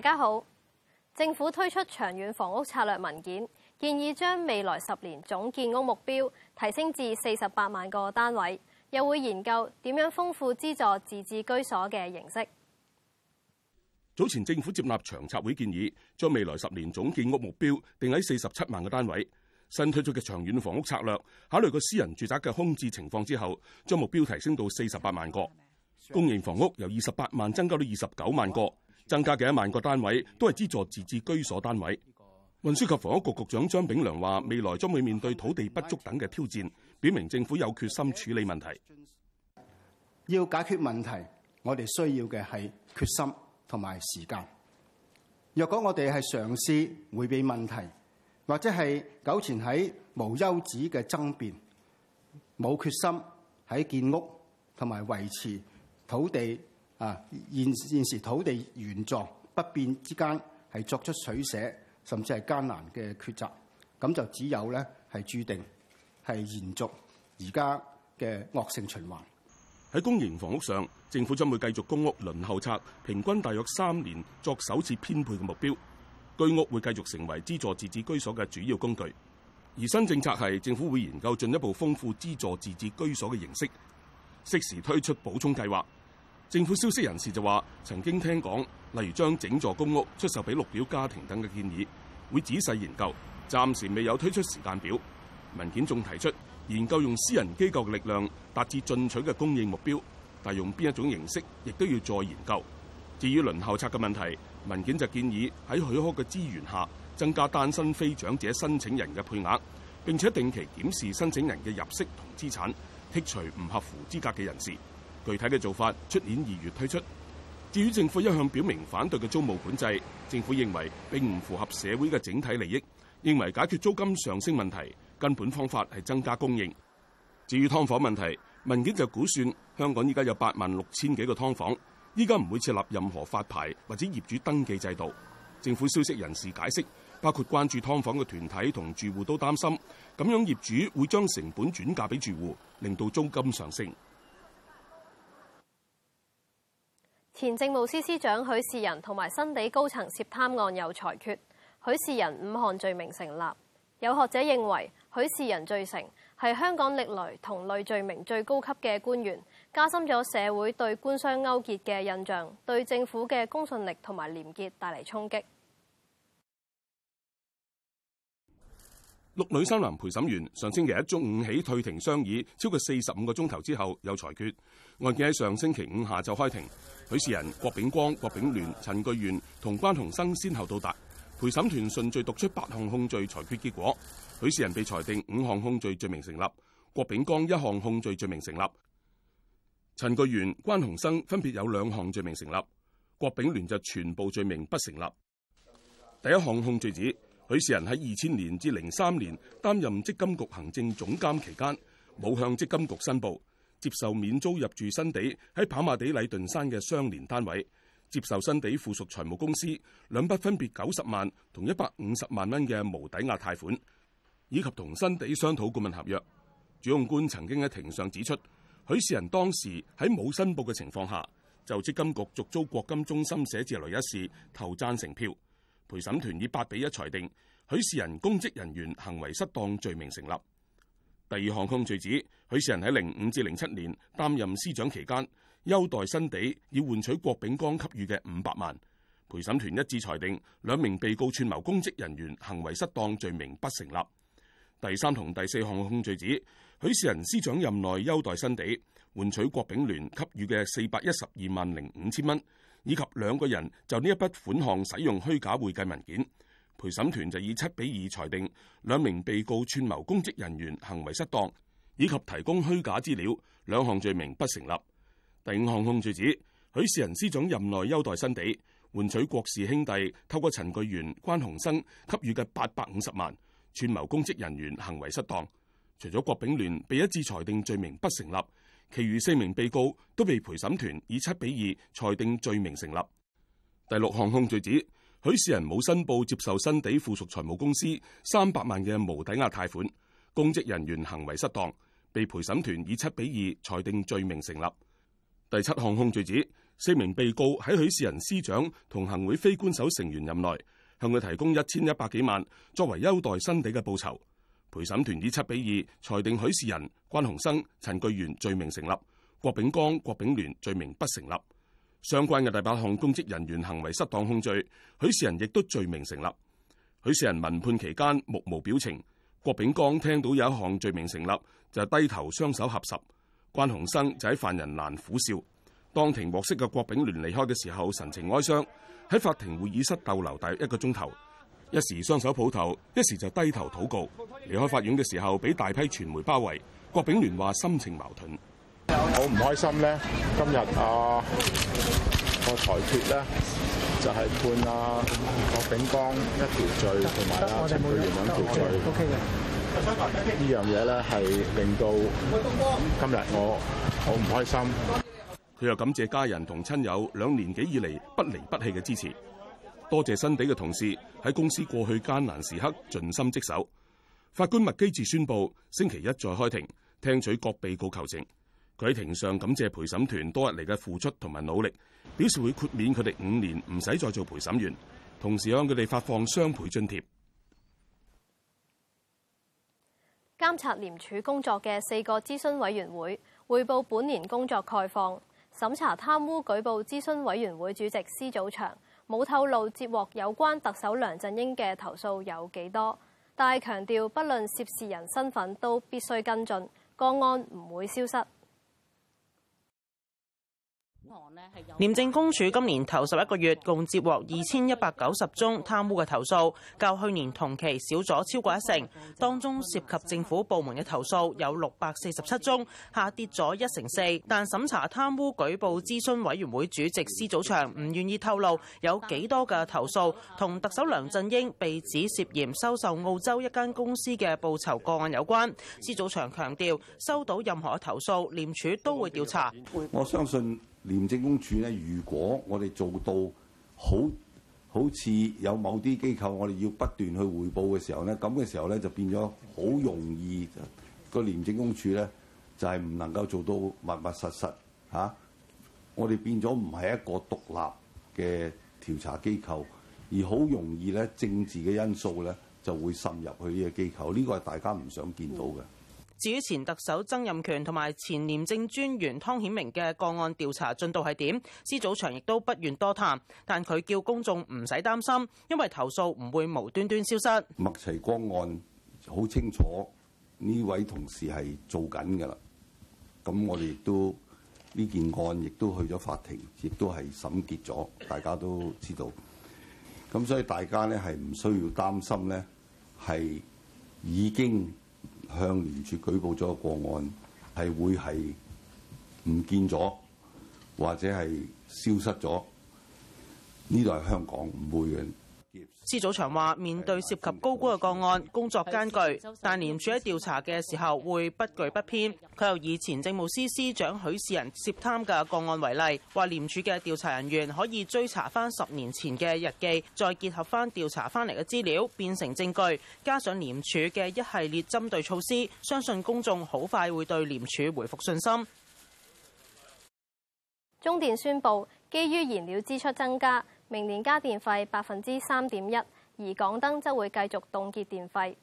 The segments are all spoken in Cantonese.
大家好，政府推出長遠房屋策略文件，建議將未來十年總建屋目標提升至四十八萬個單位，又會研究點樣豐富資助自置居所嘅形式。早前政府接納長策會建議，將未來十年總建屋目標定喺四十七萬個單位。新推出嘅長遠房屋策略，考慮個私人住宅嘅空置情況之後，將目標提升到四十八萬個，公營房屋由二十八萬增加到二十九萬個。增加嘅一萬個單位，都係資助自治居所單位。運輸及房屋局局長張炳良話，未來將會面對土地不足等嘅挑戰，表明政府有決心處理問題。要解決問題，我哋需要嘅係決心同埋時間。若果我哋係嘗試回避問題，或者係糾纏喺無休止嘅爭辯，冇決心喺建屋同埋維持土地，啊，現現時土地原狀不變之間係作出取捨，甚至係艱難嘅抉擇，咁就只有呢係註定係延續而家嘅惡性循環。喺公營房屋上，政府將會繼續公屋輪候冊，平均大約三年作首次編配嘅目標。居屋會繼續成為資助自置居所嘅主要工具。而新政策係政府會研究進一步豐富資助自置居所嘅形式，適時推出補充計劃。政府消息人士就話，曾經聽講，例如將整座公屋出售俾綠表家庭等嘅建議，會仔細研究，暫時未有推出時間表。文件仲提出，研究用私人機構嘅力量達至進取嘅供應目標，但用邊一種形式，亦都要再研究。至於輪候冊嘅問題，文件就建議喺許可嘅資源下，增加單身非長者申請人嘅配額，並且定期檢視申請人嘅入息同資產，剔除唔合乎資格嘅人士。具體嘅做法，出年二月推出。至於政府一向表明反對嘅租務管制，政府認為並唔符合社會嘅整體利益，認為解決租金上升問題根本方法係增加供應。至於㓥房問題，文件就估算香港依家有八萬六千幾個劏房，依家唔會設立任何發牌或者業主登記制度。政府消息人士解釋，包括關注劏房嘅團體同住戶都擔心，咁樣業主會將成本轉嫁俾住戶，令到租金上升。前政務司司長許仕仁同埋新地高層涉貪案有裁決，許仕仁五項罪名成立。有學者認為許仕仁罪成係香港歷來同類罪名最高級嘅官員，加深咗社會對官商勾結嘅印象，對政府嘅公信力同埋廉潔帶嚟沖擊。六女三男陪審員上星期一中午起退庭商議，超過四十五個鐘頭之後有裁決。案件喺上星期五下晝開庭，許仕仁、郭炳江、郭炳聯、陳鉅源同關雄生先後到達。陪審團順序讀出八項控罪裁決結果。許仕仁被裁定五項控罪罪名成立，郭炳江一項控罪罪名成立，陳鉅源、關雄生分別有兩項罪名成立，郭炳聯就全部罪名不成立。第一項控罪指，許仕仁喺二千年至零三年擔任積金局行政總監期間，冇向積金局申報接受免租入住新地喺跑馬地禮頓山嘅相連單位，接受新地附屬財務公司兩筆分別九十萬同一百五十萬蚊嘅無抵押貸款，以及同新地商討顧問合約。主控官曾經喺庭上指出，許仕仁當時喺冇申報嘅情況下，就積金局續租國金中心寫字樓一事投贊成票。陪審團以八比一裁定許仕仁公職人員行為失當罪名成立。第二項控罪指許仕仁喺零五至零七年擔任司長期間優待新地，要換取郭炳江給予嘅五百萬。陪審團一致裁定兩名被告串謀公職人員行為失當罪名不成立。第三同第四項控罪指許仕仁司長任內優待新地，換取郭炳聯給予嘅四百一十二萬零五千蚊。以及兩個人就呢一筆款項使用虛假會計文件，陪審團就以七比二裁定兩名被告串謀公職人員行為失當，以及提供虛假資料兩項罪名不成立。第五項控罪指許仕仁司長任內優待新地，換取郭氏兄弟透過陳巨源、關洪生給予嘅八百五十萬，串謀公職人員行為失當。除咗郭炳聯被一致裁定罪名不成立。其餘四名被告都被陪審團以七比二裁定罪名成立。第六項控罪指許仕仁冇申報接受新地附屬財務公司三百萬嘅無抵押貸款，公職人員行為失當，被陪審團以七比二裁定罪名成立。第七項控罪指四名被告喺許仕仁司長同行會非官守成員任內，向佢提供一千一百幾萬作為優待新地嘅報酬。陪審團以七比二裁定許仕仁、關雄生、陳鉅源罪名成立，郭炳江、郭炳聯罪名不成立。相關嘅第八項公職人員行為失當控罪，許仕仁亦都罪名成立。許仕仁聞判期間目無表情，郭炳江聽到有一項罪名成立就低頭雙手合十，關雄生就喺犯人欄苦笑。當庭獲釋嘅郭炳聯離開嘅時候，神情哀傷，喺法庭會議室逗留大約一個鐘頭。一時雙手抱頭，一時就低頭禱告。離開法院嘅時候，俾大批傳媒包圍。郭炳聯話心情矛盾，好唔開心咧。今日啊，個裁決咧就係判啊郭炳江一條罪，同埋啊陳培元兩條罪。OK，呢樣嘢咧係令到今日我好唔開心。佢又感謝家人同親友兩年幾以嚟不離不棄嘅支持。多謝新地嘅同事喺公司過去艱難時刻盡心職守。法官麥基治宣布星期一再開庭聽取各被告求情。佢喺庭上感謝陪審團多日嚟嘅付出同埋努力，表示會豁免佢哋五年唔使再做陪審員，同時向佢哋發放雙倍津貼。監察廉署工作嘅四個諮詢委員會匯報本年工作概況。審查貪污舉報諮詢委員會主席施祖祥，冇透露接獲有關特首梁振英嘅投訴有幾多，但係強調不論涉事人身份都必須跟進，個案唔會消失。廉政公署今年頭十一個月共接獲二千一百九十宗貪污嘅投訴，較去年同期少咗超過一成。當中涉及政府部門嘅投訴有六百四十七宗，下跌咗一成四。但審查貪污舉報諮詢委員會主席施祖祥唔願意透露有幾多嘅投訴同特首梁振英被指涉嫌收受澳洲一間公司嘅報酬個案有關。施祖祥強調，收到任何嘅投訴，廉署都會調查。我相信，廉政公署咧，如果我哋做到好，好似有某啲機構我哋要不斷去匯報嘅時候咧，咁嘅時候咧就變咗好容易，個廉政公署咧就係唔能夠做到密密實實吓，我哋變咗唔係一個獨立嘅調查機構，而好容易咧政治嘅因素咧就會滲入去呢個機構，呢個係大家唔想見到嘅。至於前特首曾蔭權同埋前廉政專員湯顯明嘅個案調查進度係點？施祖祥亦都不願多談，但佢叫公眾唔使擔心，因為投訴唔會無端端消失。麥齊光案好清楚，呢位同事係做緊㗎喇。咁我哋亦都呢件案亦都去咗法庭，亦都係審結咗，大家都知道。咁所以大家咧係唔需要擔心咧，係已經。向廉署舉報咗個案，係會係唔見咗，或者係消失咗。呢度係香港唔會嘅。施祖祥話：面對涉及高官嘅個案，工作艱巨，但廉署喺調查嘅時候會不懼不偏。佢又以前政務司司長許仕仁涉貪嘅個案為例，話廉署嘅調查人員可以追查翻十年前嘅日記，再結合翻調查翻嚟嘅資料變成證據，加上廉署嘅一系列針對措施，相信公眾好快會對廉署回復信心。中電宣布，基於燃料支出增加。明年加電費百分之三點一，而港燈則會繼續凍結電費。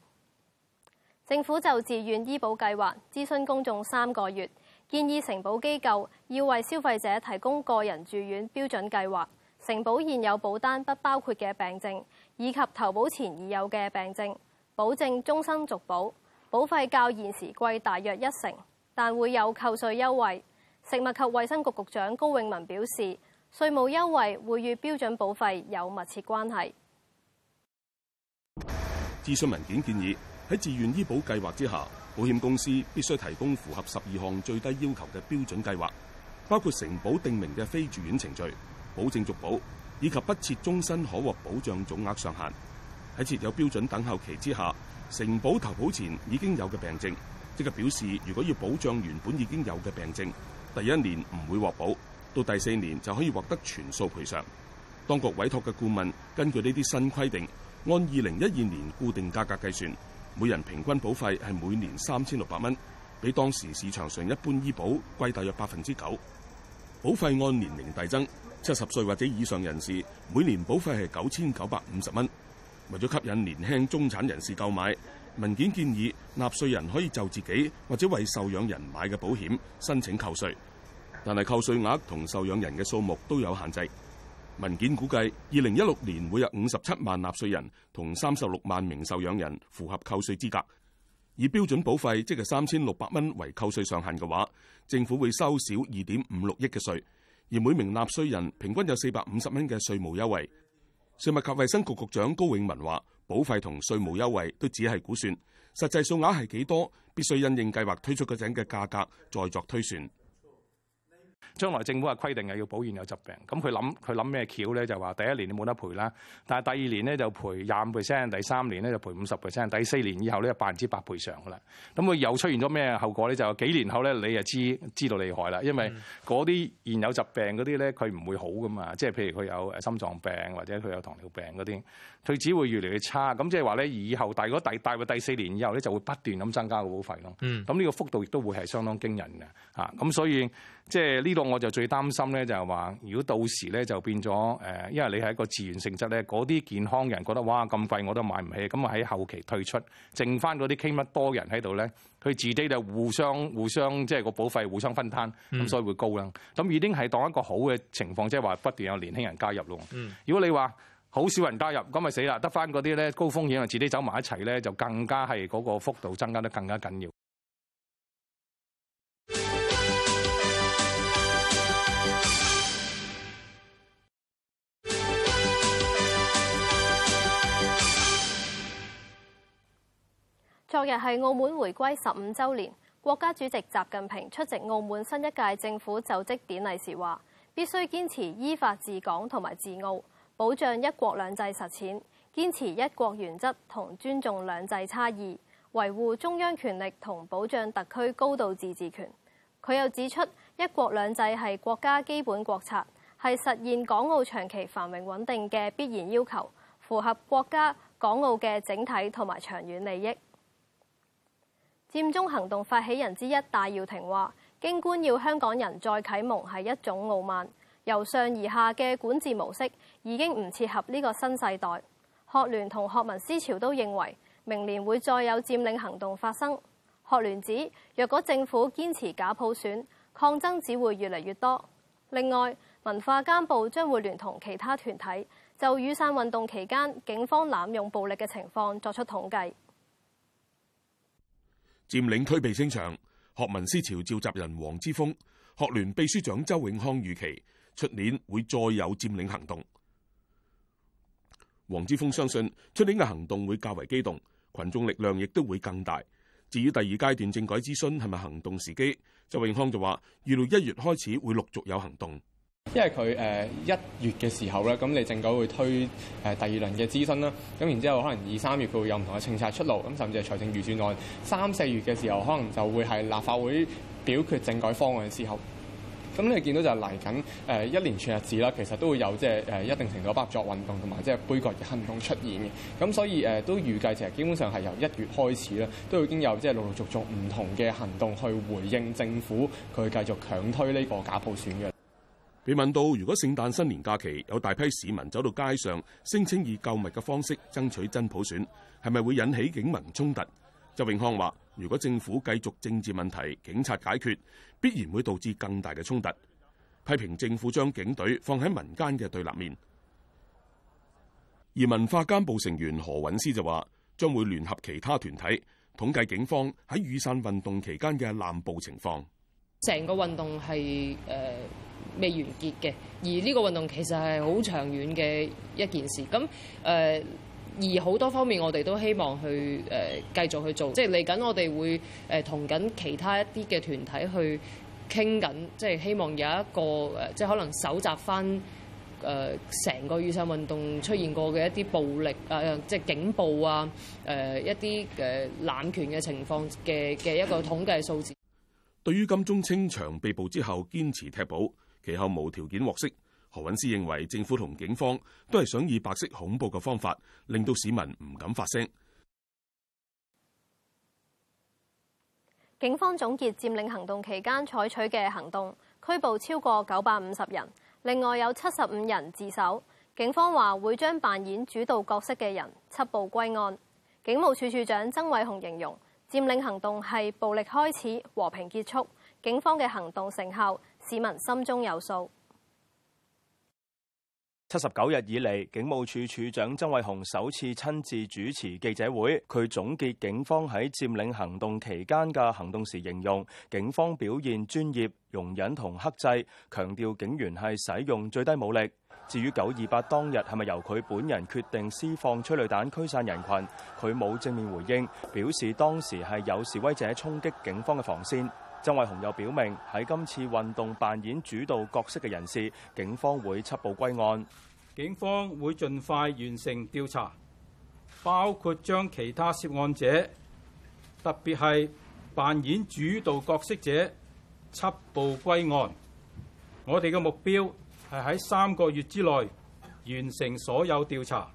政府就自願醫保計劃諮詢公眾三個月，建議承保機構要為消費者提供個人住院標準計劃，承保現有保單不包括嘅病症，以及投保前已有嘅病症，保證終生續保，保費較現時貴大約一成，但會有扣稅優惠。食物及衛生局局長高永文表示。稅務優惠會與標準保費有密切關係。諮詢文件建議喺自願醫保計劃之下，保險公司必須提供符合十二項最低要求嘅標準計劃，包括承保定名嘅非住院程序、保證續保以及不設終身可獲保障總額上限。喺設有標準等候期之下，承保投保前已經有嘅病症，即係表示如果要保障原本已經有嘅病症，第一年唔會獲保。到第四年就可以獲得全數賠償。當局委託嘅顧問根據呢啲新規定，按二零一二年固定價格計算，每人平均保費係每年三千六百蚊，比當時市場上一般醫保貴大約百分之九。保費按年齡遞增，七十歲或者以上人士每年保費係九千九百五十蚊。為咗吸引年輕中產人士購買，文件建議納稅人可以就自己或者為受養人買嘅保險申請扣稅。但係扣稅額同受養人嘅數目都有限制。文件估計，二零一六年會有五十七萬納稅人同三十六萬名受養人符合扣稅資格。以標準保費即係三千六百蚊為扣稅上限嘅話，政府會收少二點五六億嘅稅，而每名納稅人平均有四百五十蚊嘅稅務優惠。食物及衛生局局長高永文話：，保費同稅務優惠都只係估算，實際數額係幾多，必須因應計劃推出嗰陣嘅價格再作推算。將來政府話規定係要保現有疾病，咁佢諗佢諗咩橋咧？就話第一年你冇得賠啦，但係第二年咧就賠廿五 percent，第三年咧就賠五十 percent，第四年以後咧就百分之百賠償噶啦。咁佢又出現咗咩後果咧？就幾年後咧，你就知道知道厲害啦，因為嗰啲現有疾病嗰啲咧，佢唔會好噶嘛，即係譬如佢有誒心臟病或者佢有糖尿病嗰啲，佢只會越嚟越差。咁即係話咧，以後大嗰第大或第四年以後咧，就會不斷咁增加個保費咯。咁呢個幅度亦都會係相當驚人嘅嚇。咁所以。即係呢度，我就最擔心咧，就係話如果到時咧就變咗、呃、因為你係一個自願性質咧，嗰啲健康人覺得哇咁貴我都買唔起，咁啊喺後期退出，剩翻嗰啲傾乜多人喺度咧，佢自己就互相互相即係個保費互相分攤，咁所以會高啦。咁、嗯、已經係當一個好嘅情況，即係話不斷有年輕人加入咯。如果你話好少人加入，咁咪死啦，得翻嗰啲咧高風險啊，自己走埋一齊咧，就更加係嗰個幅度增加得更加緊要。昨日係澳門回歸十五週年，國家主席習近平出席澳門新一屆政府就職典禮時話：必須堅持依法治港同埋治澳，保障一國兩制實踐，堅持一國原則同尊重兩制差異，維護中央權力同保障特區高度自治權。佢又指出，一國兩制係國家基本國策，係實現港澳長期繁榮穩定嘅必然要求，符合國家、港澳嘅整體同埋長遠利益。佔中行動發起人之一戴耀廷話，京官要香港人再啟蒙係一種傲慢，由上而下嘅管治模式已經唔切合呢個新世代。學聯同學民思潮都認為，明年會再有佔領行動發生。學聯指，若果政府堅持假普選，抗爭只會越嚟越多。另外，文化監部將會聯同其他團體，就雨傘運動期間警方濫用暴力嘅情況作出統計。佔領區被清場，學民思潮召集人黃之鋒、學聯秘書長周永康預期出年會再有佔領行動。黃之鋒相信出年嘅行動會較為激動，群眾力量亦都會更大。至於第二階段政改諮詢係咪行動時機？周永康就話預料一月開始會陸續有行動。因為佢誒一月嘅時候咧，咁你政改會推誒第二輪嘅諮詢啦。咁然後之後可能二三月佢會有唔同嘅政策出爐，咁甚至係財政預算案。三四月嘅時候，可能就會係立法會表決政改方案嘅時候。咁你見到就嚟緊誒一連串日子啦，其實都會有即係誒一定程度嘅不合作運動同埋即係杯葛嘅行動出現嘅。咁所以誒都預計，其實基本上係由一月開始咧，都已經有即係陸陸續續唔同嘅行動去回應政府，佢繼續強推呢個假普選嘅。被問到，如果聖誕新年假期有大批市民走到街上，聲稱以購物嘅方式爭取真普選，係咪會引起警民衝突？周永康話，如果政府繼續政治問題，警察解決必然會導致更大嘅衝突，批評政府將警隊放喺民間嘅對立面。而文化監部成員何韻詩就話，將會聯合其他團體統計警方喺雨傘運動期間嘅濫暴情況。成個運動係誒未完結嘅，而呢個運動其實係好長遠嘅一件事。咁誒、呃，而好多方面，我哋都希望去誒、呃、繼續去做，即係嚟緊，我哋會誒同緊其他一啲嘅團體去傾緊，即係希望有一個誒，即係可能搜集翻誒成個雨傘運動出現過嘅一啲暴力啊、呃，即係警暴啊，誒、呃、一啲誒、呃、濫權嘅情況嘅嘅一個統計數字。對於金鐘清場被捕之後，堅持踢保。其後無條件獲釋。何韻詩認為政府同警方都係想以白色恐怖嘅方法，令到市民唔敢發聲。警方總結佔領行動期間採取嘅行動，拘捕超過九百五十人，另外有七十五人自首。警方話會將扮演主導角色嘅人緝捕歸案。警務處處長曾偉雄形容佔領行動係暴力開始，和平結束。警方嘅行動成效，市民心中有數。七十九日以嚟，警務處處長曾偉雄首次親自主持記者會。佢總結警方喺佔領行動期間嘅行動時，形容警方表現專業、容忍同克制，強調警員係使用最低武力。至於九二八當日係咪由佢本人決定施放催淚彈驅散人群，佢冇正面回應，表示當時係有示威者衝擊警方嘅防線。曾偉雄又表明，喺今次運動扮演主導角色嘅人士，警方會緝捕歸案。警方會盡快完成調查，包括將其他涉案者，特別係扮演主導角色者，緝捕歸案。我哋嘅目標係喺三個月之內完成所有調查。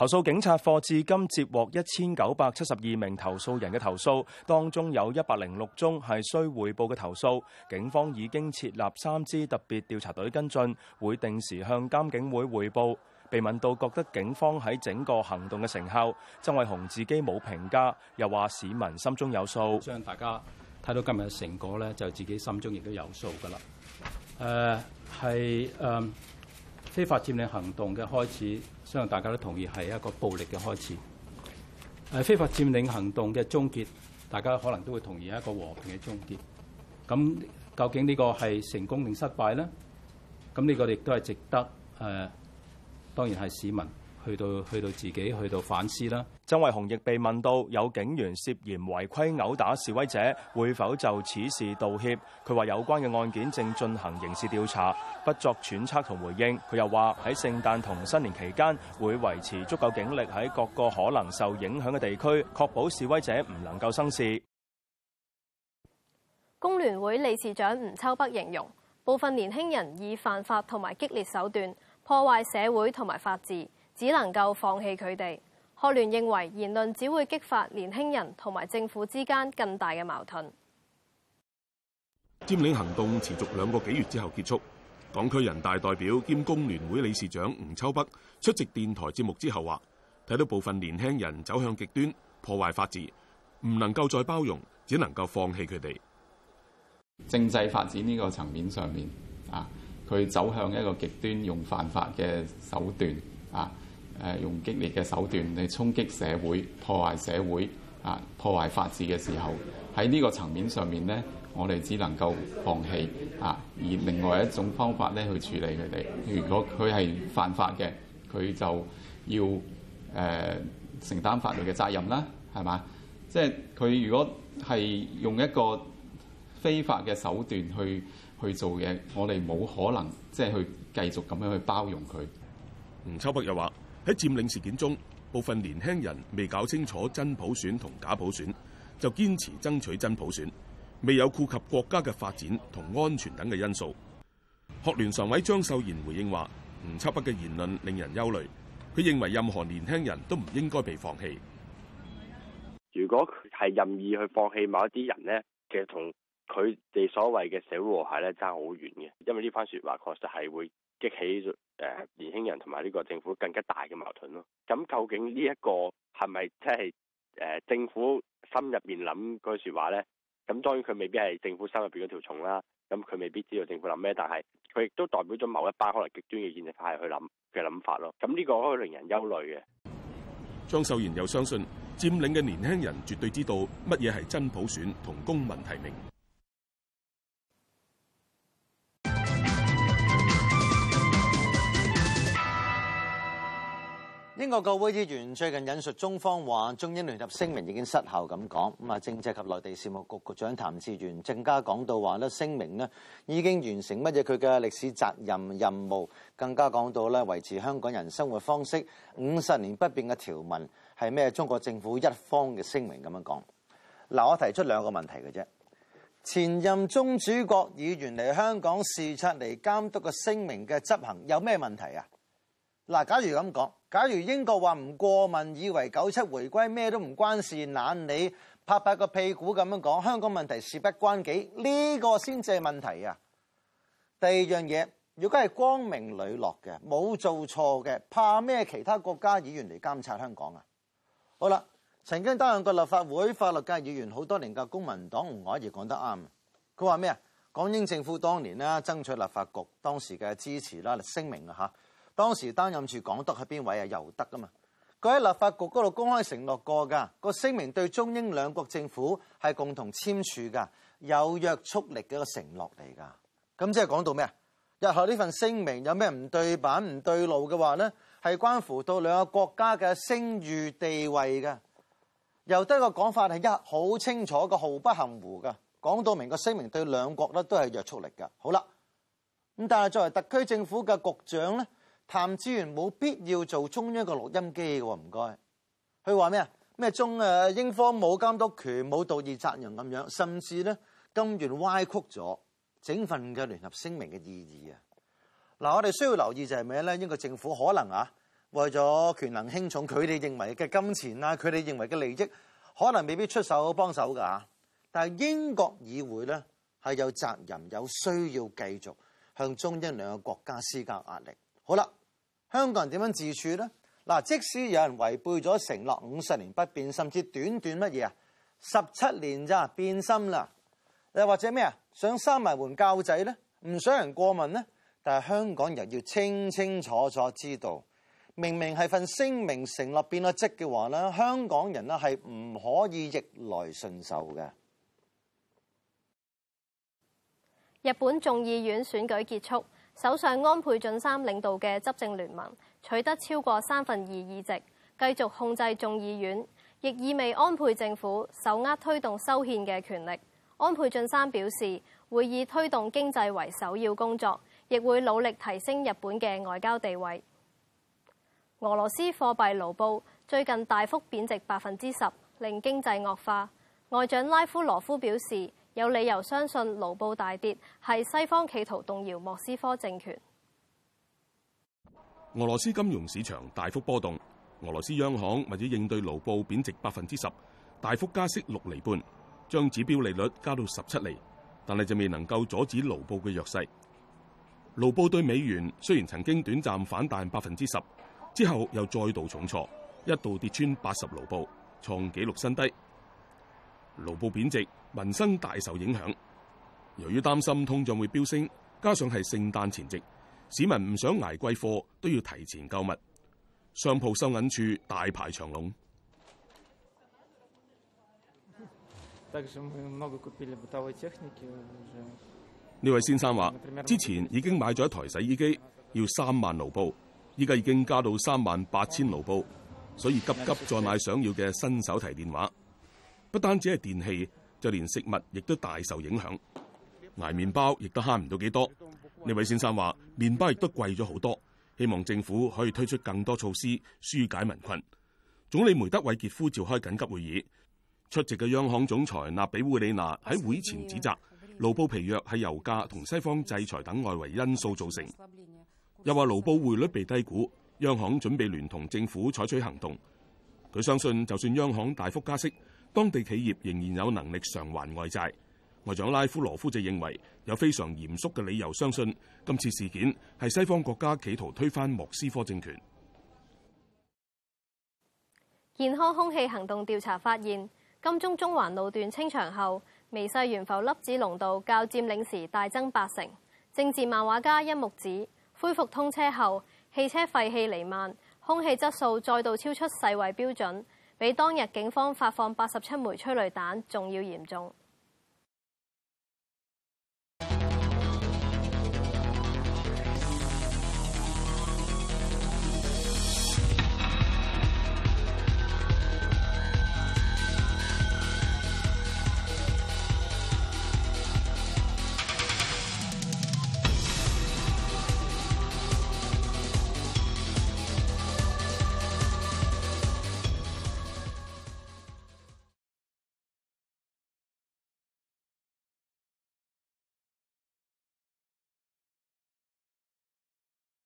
投訴警察課至今接獲一千九百七十二名投訴人嘅投訴，當中有一百零六宗係需匯報嘅投訴。警方已經設立三支特別調查隊跟進，會定時向監警會匯報。被問到覺得警方喺整個行動嘅成效，曾偉雄自己冇評價，又話市民心中有數。相信大家睇到今日嘅成果呢，就自己心中亦都有數噶啦。誒、呃，係誒。呃非法佔領行動嘅開始，相信大家都同意係一個暴力嘅開始。誒，非法佔領行動嘅終結，大家可能都會同意係一個和平嘅終結。咁究竟呢個係成功定失敗咧？咁呢個亦都係值得誒、呃，當然係市民。去到去到自己，去到反思啦。曾偉雄亦被問到有警員涉嫌違規毆打示威者，會否就此事道歉？佢話有關嘅案件正進行刑事調查，不作揣測同回應。佢又話喺聖誕同新年期間會維持足夠警力喺各個可能受影響嘅地區，確保示威者唔能夠生事。工聯會理事長吳秋北形容部分年輕人以犯法同埋激烈手段破壞社會同埋法治。只能夠放棄佢哋。學聯認為言論只會激發年輕人同埋政府之間更大嘅矛盾。佔領行動持續兩個幾月之後結束，港區人大代表兼工聯會理事長吳秋北出席電台節目之後話，睇到部分年輕人走向極端，破壞法治，唔能夠再包容，只能夠放棄佢哋。政制發展呢個層面上面啊，佢走向一個極端，用犯法嘅手段啊。誒用激烈嘅手段嚟衝擊社會，破壞社會啊，破壞法治嘅時候喺呢個層面上面咧，我哋只能夠放棄啊，以另外一種方法咧去處理佢哋。如果佢係犯法嘅，佢就要誒、呃、承擔法律嘅責任啦，係嘛？即係佢如果係用一個非法嘅手段去去做嘢，我哋冇可能即係去繼續咁樣去包容佢。吳秋北又話。喺佔領事件中，部分年輕人未搞清楚真普選同假普選，就堅持爭取真普選，未有顧及國家嘅發展同安全等嘅因素。學聯常委張秀賢回應話，吳秋北嘅言論令人憂慮。佢認為任何年輕人都唔應該被放棄。如果係任意去放棄某一啲人呢，其實同佢哋所謂嘅社會和諧咧，差好遠嘅，因為呢番說話確實係會激起。誒年輕人同埋呢個政府更加大嘅矛盾咯。咁究竟呢一個係咪即係誒政府心入邊諗嗰句説話咧？咁當然佢未必係政府心入邊嗰條蟲啦。咁佢未必知道政府諗咩，但係佢亦都代表咗某一班可能極端嘅現實派去諗嘅諗法咯。咁呢個可以令人憂慮嘅。張秀賢又相信佔領嘅年輕人絕對知道乜嘢係真普選同公民提名。英國國會議員最近引述中方話中英聯合聲明已經失效咁講，咁啊政制及內地事務局局，局長譚志源更加講到話咧聲明咧已經完成乜嘢佢嘅歷史責任任務，更加講到咧維持香港人生活方式五十年不變嘅條文係咩？中國政府一方嘅聲明咁樣講。嗱，我提出兩個問題嘅啫，前任中主國議員嚟香港視察嚟監督嘅聲明嘅執行有咩問題啊？嗱，假如咁講，假如英國話唔過問，以為九七回歸咩都唔關事，懶你拍拍個屁股咁樣講香港問題事不關己呢個先至係問題啊！第二樣嘢，如果係光明磊落嘅，冇做錯嘅，怕咩？其他國家議員嚟監察香港啊！好啦，曾經擔任過立法會法律界議員好多年嘅公民黨吳靄儀講得啱，佢話咩啊？港英政府當年咧爭取立法局當時嘅支持啦，聲明啊嚇。當時擔任住港督係邊位啊？尤德啊嘛，佢喺立法局嗰度公開承諾過噶，個聲明對中英兩國政府係共同簽署噶，有約束力嘅一個承諾嚟噶。咁即係講到咩啊？日後呢份聲明有咩唔對版、唔對路嘅話呢，係關乎到兩個國家嘅聲譽地位噶。尤德嘅講法係一好清楚嘅，毫不含糊嘅。講到明個聲明對兩國咧都係約束力噶。好啦，咁但係作為特區政府嘅局長呢。譚志源冇必要做中央個錄音機嘅喎，唔該。佢話咩啊？咩中啊英方冇監督權、冇道義責任咁樣，甚至咧，完全歪曲咗整份嘅聯合聲明嘅意義啊！嗱，我哋需要留意就係咩咧？英國政府可能啊，為咗權衡輕重，佢哋認為嘅金錢啊，佢哋認為嘅利益，可能未必出手幫手㗎嚇。但係英國議會咧係有責任、有需要繼續向中英兩個國家施加壓力。好啦。香港人點樣自處呢？嗱，即使有人違背咗承諾五十年不變，甚至短短乜嘢啊，十七年咋變心啦？又或者咩啊，想閂埋門教仔咧，唔想人過問呢？但係香港人要清清楚楚知道，明明係份聲明成立變咗職嘅話咧，香港人咧係唔可以逆來順受嘅。日本眾議院選舉結束。首相安倍晉三領導嘅執政聯盟取得超過三分二議席，繼續控制眾議院，亦意味安倍政府手握推動修憲嘅權力。安倍晉三表示，會以推動經濟為首要工作，亦會努力提升日本嘅外交地位。俄羅斯貨幣盧布最近大幅貶值百分之十，令經濟惡化。外長拉夫羅夫表示，有理由相信盧布大跌係西方企圖動搖莫斯科政權。俄羅斯金融市場大幅波動。俄羅斯央行為咗應對盧布貶值百分之十，大幅加息六厘半，將指標利率加到十七厘，但係就未能夠阻止盧布嘅弱勢。盧布對美元雖然曾經短暫反彈百分之十，之後又再度重挫，一度跌穿八十盧布，創紀錄新低。盧布貶值，民生大受影響。由於擔心通脹會飆升，加上係聖誕前夕，市民唔想挨貴貨，都要提前購物。商鋪收銀處大排長龍。呢、嗯、位先生話，之前已經買咗一台洗衣機，要三萬盧布，依家已經加到三萬八千盧布，所以急急再買想要嘅新手提電話。不單止係電器，就連食物亦都大受影響，挨麵包亦都慳唔到幾多。呢位先生話：麵包亦都貴咗好多，希望政府可以推出更多措施，疏解民困。總理梅德韋傑夫召開緊急會議，出席嘅央行總裁納比烏里娜喺會前指責盧布疲弱係油價同西方制裁等外圍因素造成，又話盧布匯率被低估，央行準備聯同政府採取行動。佢相信，就算央行大幅加息，當地企業仍然有能力償還外債。外長拉夫羅夫就認為有非常嚴肅嘅理由，相信今次事件係西方國家企圖推翻莫斯科政權。健康空氣行動調查發現，金鐘中環路段清場後，微細懸浮粒子濃度較佔領時大增八成。政治漫畫家一木指，恢復通車後，汽車廢氣彌漫，空氣質素再度超出世衛標準。比當日警方發放八十七枚催淚彈仲要嚴重。